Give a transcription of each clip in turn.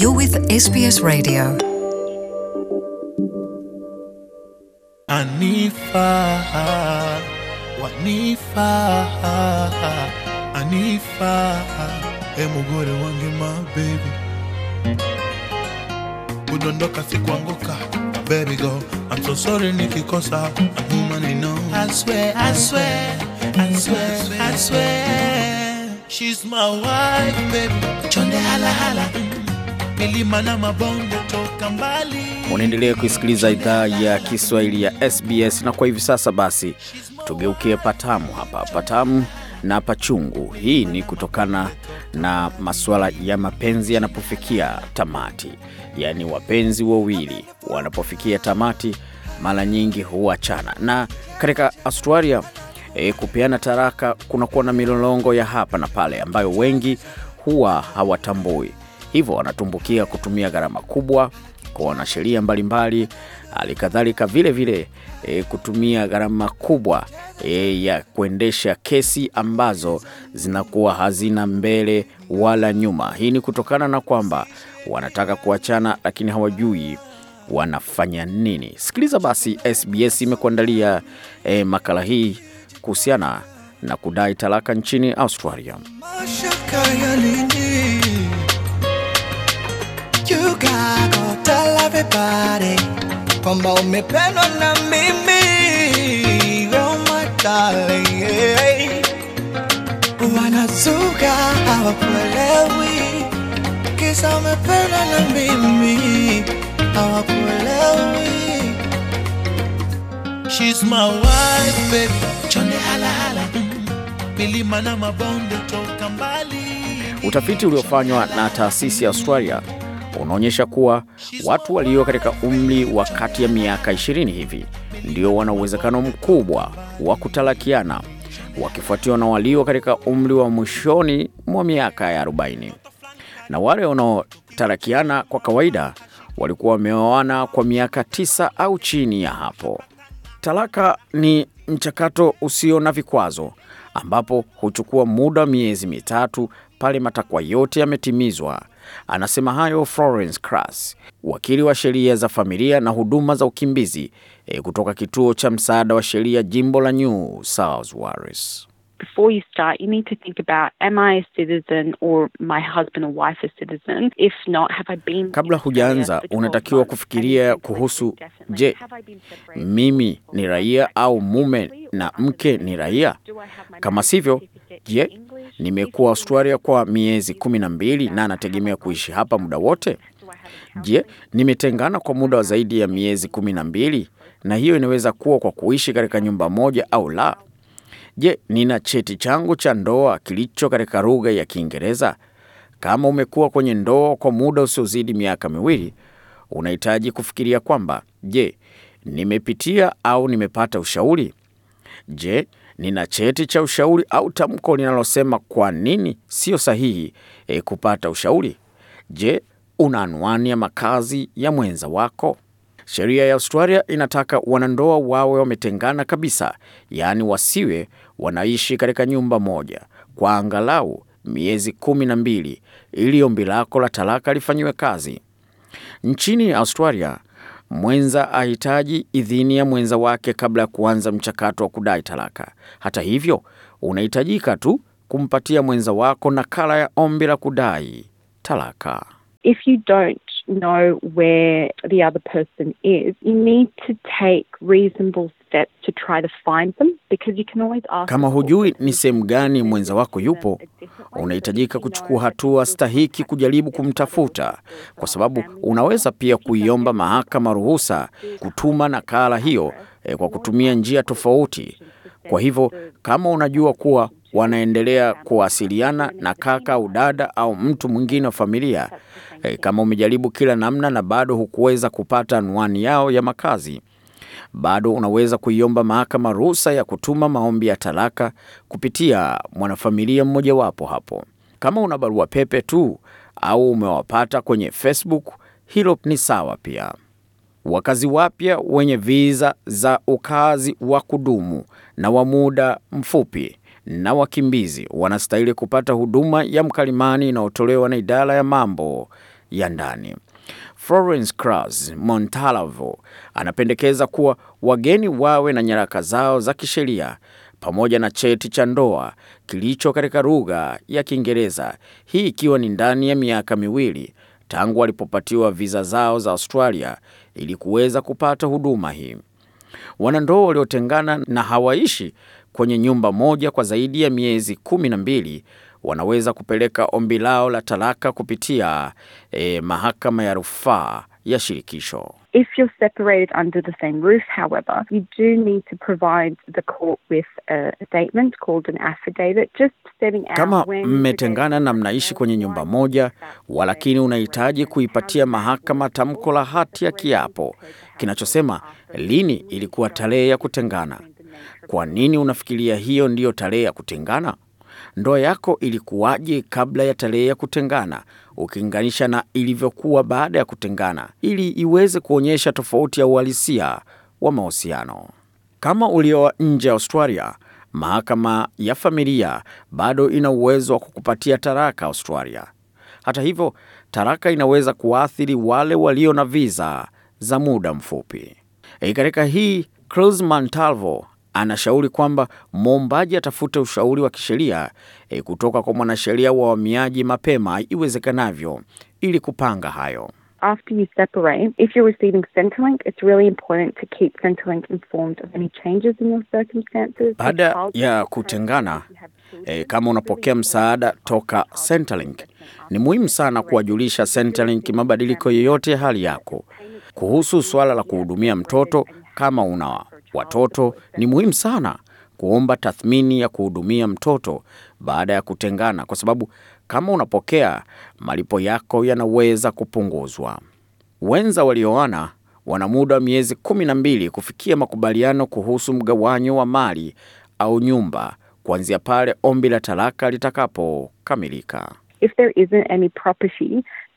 You're with SBS Radio. Anifa, wanifa, Anifa, emugore wange my baby kudondoka si kuanguka baby girl. I'm so sorry nikikosa I'm human I know I swear, I swear, I swear, I swear She's my wife baby chonde hala hala milima na mabonde toka mbali. Unaendelea kuisikiliza idhaa ya Kiswahili ya SBS, na kwa hivi sasa basi tugeukie patamu hapa, patamu na pachungu. Hii ni kutokana na masuala ya mapenzi yanapofikia tamati, yaani wapenzi wawili wanapofikia tamati mara nyingi huachana, na katika Australia e, kupeana taraka kunakuwa na milolongo ya hapa na pale ambayo wengi huwa hawatambui hivyo wanatumbukia kutumia gharama kubwa kwa wanasheria mbalimbali, halikadhalika vile vile e, kutumia gharama kubwa e, ya kuendesha kesi ambazo zinakuwa hazina mbele wala nyuma. Hii ni kutokana na kwamba wanataka kuachana, lakini hawajui wanafanya nini. Sikiliza basi, SBS imekuandalia e, makala hii kuhusiana na kudai talaka nchini Australia ukako, tell everybody kwamba umependwa na mimi, oh my darling. Wanazuka hawakuelewi kisa umependwa na mimi, hawakuelewi. She's my wife baby, chonde hala halahala milima na mabonde toka mbali. Utafiti uliofanywa na taasisi ya Australia unaonyesha kuwa watu walio katika umri wa kati ya miaka 20 hivi ndio wana uwezekano mkubwa wa kutalakiana, wakifuatiwa na walio katika umri wa mwishoni mwa miaka ya 40. Na wale wanaotalakiana kwa kawaida walikuwa wameoana kwa miaka tisa au chini ya hapo. Talaka ni mchakato usio na vikwazo ambapo huchukua muda miezi mitatu pale matakwa yote yametimizwa Anasema hayo Florence Crass, wakili wa sheria za familia na huduma za ukimbizi e, kutoka kituo cha msaada wa sheria jimbo la New South Wales before you start, you need to think about am I a citizen or my husband or wife a citizen? If not, have I been Kabla hujaanza unatakiwa kufikiria kuhusu je, mimi ni raia au mume na mke ni raia? Kama sivyo, je, nimekuwa Australia kwa miezi kumi na mbili na nategemea kuishi hapa muda wote? Je, nimetengana kwa muda wa zaidi ya miezi kumi na mbili na hiyo inaweza kuwa kwa kuishi katika nyumba moja au la? Je, nina cheti changu cha ndoa kilicho katika lugha ya Kiingereza? Kama umekuwa kwenye ndoa kwa muda usiozidi miaka miwili, unahitaji kufikiria kwamba je, nimepitia au nimepata ushauri? Je, nina cheti cha ushauri au tamko linalosema kwa nini sio sahihi e, kupata ushauri? Je, una anwani ya makazi ya mwenza wako? Sheria ya Australia inataka wanandoa wawe wametengana kabisa, yaani wasiwe wanaishi katika nyumba moja kwa angalau miezi kumi na mbili ili ombi lako la talaka lifanyiwe kazi. Nchini Australia, mwenza ahitaji idhini ya mwenza wake kabla ya kuanza mchakato wa kudai talaka. Hata hivyo, unahitajika tu kumpatia mwenza wako nakala ya ombi la kudai talaka. If you don't know where the other person is, you need to take reasonable kama hujui ni sehemu gani mwenza wako yupo, unahitajika kuchukua hatua stahiki kujaribu kumtafuta, kwa sababu unaweza pia kuiomba mahakama ruhusa kutuma nakala hiyo eh, kwa kutumia njia tofauti. Kwa hivyo kama unajua kuwa wanaendelea kuwasiliana na kaka au dada au mtu mwingine wa familia, e, kama umejaribu kila namna na bado hukuweza kupata anwani yao ya makazi bado unaweza kuiomba mahakama ruhusa ya kutuma maombi ya talaka kupitia mwanafamilia mmojawapo hapo. Kama una barua pepe tu au umewapata kwenye Facebook, hilo ni sawa pia. Wakazi wapya wenye viza za ukazi wa kudumu na wa muda mfupi na wakimbizi wanastahili kupata huduma ya mkalimani inayotolewa na idara ya mambo ya ndani. Florence cras Montalvo anapendekeza kuwa wageni wawe na nyaraka zao za kisheria pamoja na cheti cha ndoa kilicho katika lugha ya Kiingereza, hii ikiwa ni ndani ya miaka miwili tangu walipopatiwa viza zao za Australia ili kuweza kupata huduma hii. Wanandoa waliotengana na hawaishi kwenye nyumba moja kwa zaidi ya miezi kumi na mbili wanaweza kupeleka ombi lao la talaka kupitia e, mahakama ya rufaa ya shirikisho. If you're separated under the same roof, however, you do need to provide the court with a statement called an affidavit just setting out kama mmetengana na mnaishi kwenye nyumba moja, walakini unahitaji kuipatia mahakama tamko la hati ya kiapo kinachosema lini ilikuwa tarehe ya kutengana. Kwa nini unafikiria hiyo ndiyo tarehe ya kutengana? ndoa yako ilikuwaje kabla ya tarehe ya kutengana ukilinganisha na ilivyokuwa baada ya kutengana, ili iweze kuonyesha tofauti ya uhalisia wa mahusiano. Kama ulioa nje ya Australia, mahakama ya familia bado ina uwezo wa kukupatia taraka Australia. Hata hivyo, taraka inaweza kuwaathiri wale walio na viza za muda mfupi. E, katika hii Cruzman anashauri kwamba mwombaji atafute ushauri wa kisheria e, kutoka kwa mwanasheria wa wamiaji mapema iwezekanavyo ili kupanga hayo. After you separate, if you're receiving Centrelink, it's really important to keep Centrelink informed of any changes in your circumstances. Baada ya kutengana, e, kama unapokea msaada toka Centrelink, ni muhimu sana kuwajulisha Centrelink mabadiliko yoyote ya hali yako. Kuhusu suala la kuhudumia mtoto, kama unawa watoto, ni muhimu sana kuomba tathmini ya kuhudumia mtoto baada ya kutengana, kwa sababu kama unapokea malipo yako yanaweza kupunguzwa. Wenza walioana wana muda wa miezi kumi na mbili kufikia makubaliano kuhusu mgawanyo wa mali au nyumba kuanzia pale ombi la talaka litakapokamilika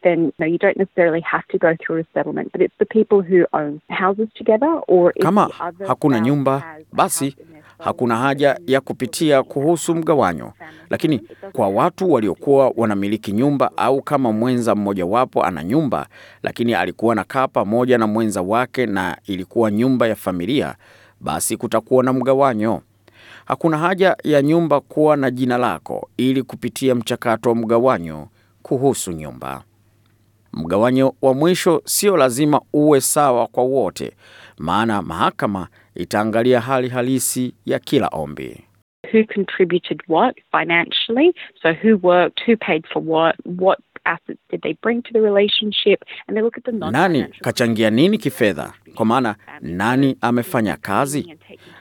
then know, you don't necessarily have to go through a settlement, but it's the people who own houses together or if kama hakuna nyumba basi hakuna haja ya kupitia kuhusu mgawanyo, lakini kwa watu waliokuwa wanamiliki nyumba au kama mwenza mmojawapo ana nyumba lakini alikuwa na kaa pamoja na mwenza wake na ilikuwa nyumba ya familia, basi kutakuwa na mgawanyo. Hakuna haja ya nyumba kuwa na jina lako ili kupitia mchakato wa mgawanyo kuhusu nyumba. Mgawanyo wa mwisho sio lazima uwe sawa kwa wote, maana mahakama itaangalia hali halisi ya kila ombi. Who contributed what financially? So who worked, who paid for what, what assets did they bring to the relationship and they look at the non Nani kachangia nini kifedha? Kwa maana nani amefanya kazi?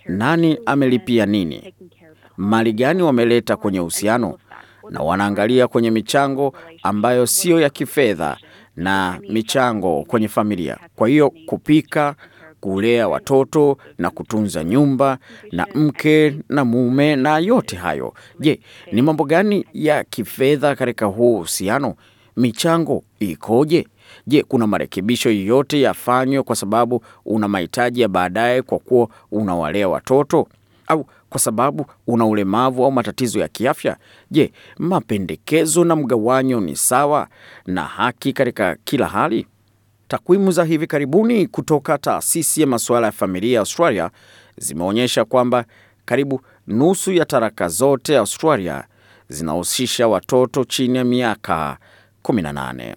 Nani amelipia nini? Mali gani wameleta kwenye uhusiano? na wanaangalia kwenye michango ambayo siyo ya kifedha na michango kwenye familia. Kwa hiyo kupika, kulea watoto na kutunza nyumba na mke na mume na yote hayo. Je, ni mambo gani ya kifedha katika huu uhusiano? Michango ikoje? Je, kuna marekebisho yoyote yafanywe kwa sababu una mahitaji ya baadaye kwa kuwa unawalea watoto? au kwa sababu una ulemavu au matatizo ya kiafya? Je, mapendekezo na mgawanyo ni sawa na haki katika kila hali? Takwimu za hivi karibuni kutoka taasisi ya masuala ya familia ya Australia zimeonyesha kwamba karibu nusu ya taraka zote Australia zinahusisha watoto chini ya miaka 18.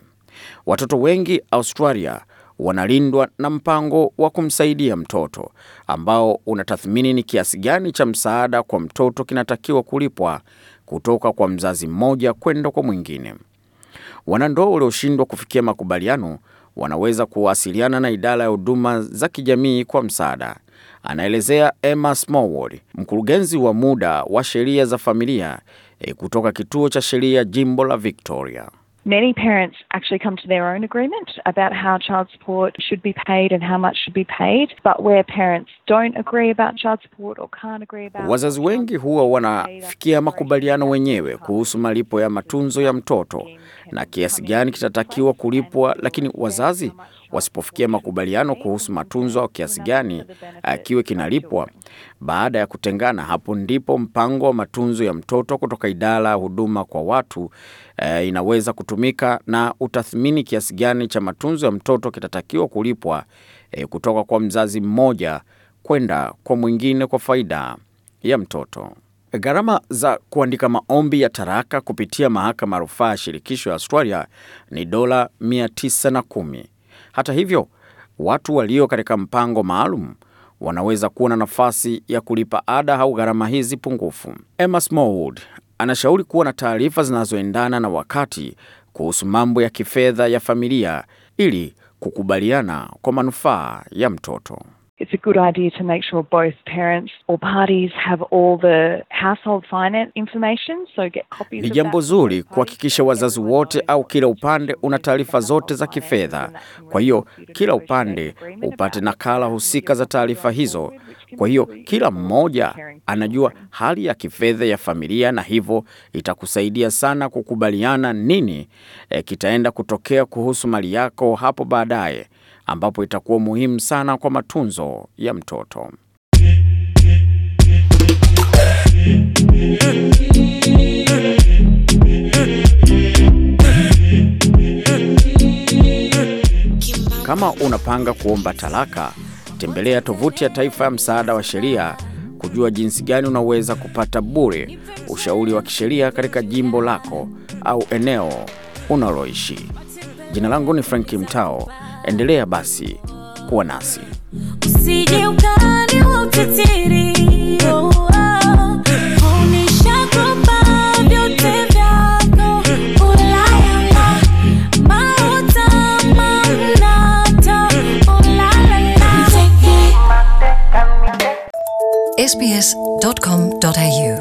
Watoto wengi Australia wanalindwa na mpango wa kumsaidia mtoto ambao unatathmini ni kiasi gani cha msaada kwa mtoto kinatakiwa kulipwa kutoka kwa mzazi mmoja kwenda kwa mwingine. Wanandoa walioshindwa kufikia makubaliano wanaweza kuwasiliana na idara ya huduma za kijamii kwa msaada, anaelezea Emma Smallwood, mkurugenzi wa muda wa sheria za familia eh, kutoka kituo cha sheria jimbo la Victoria. Many parents actually come to their own agreement about how child support should be paid and how much should be paid, but where parents don't agree about child support or can't agree about Wazazi wengi huwa wanafikia makubaliano wenyewe kuhusu malipo ya matunzo ya mtoto na kiasi gani kitatakiwa kulipwa, lakini wazazi wasipofikia makubaliano kuhusu matunzo au kiasi gani eh, kiwe kinalipwa baada ya kutengana. Hapo ndipo mpango wa matunzo ya mtoto kutoka idara ya huduma kwa watu e, inaweza kutumika na utathmini kiasi gani cha matunzo ya mtoto kitatakiwa kulipwa e, kutoka kwa mzazi mmoja kwenda kwa mwingine kwa faida ya mtoto. Gharama za kuandika maombi ya taraka kupitia mahakama ya rufaa ya shirikisho ya Australia ni dola 910. Hata hivyo, watu walio katika mpango maalum wanaweza kuwa na nafasi ya kulipa ada au gharama hizi pungufu. Emma Smallwood anashauri kuwa na taarifa zinazoendana na wakati kuhusu mambo ya kifedha ya familia ili kukubaliana kwa manufaa ya mtoto it's a good idea to make sure both parents or parties have all the household finance information, so get copies. Ni jambo zuri kuhakikisha wazazi wote au kila upande una taarifa zote za kifedha. Kwa hiyo kila upande upate nakala husika za taarifa hizo. Kwa hiyo kila mmoja anajua hali ya kifedha ya familia, na hivyo itakusaidia sana kukubaliana nini e, kitaenda kutokea kuhusu mali yako hapo baadaye ambapo itakuwa muhimu sana kwa matunzo ya mtoto. Kama unapanga kuomba talaka, tembelea tovuti ya Taifa ya Msaada wa Sheria kujua jinsi gani unaweza kupata bure ushauri wa kisheria katika jimbo lako au eneo unaloishi. Jina langu ni Franki Mtao. Endelea basi kuwa nasi sbs.com.au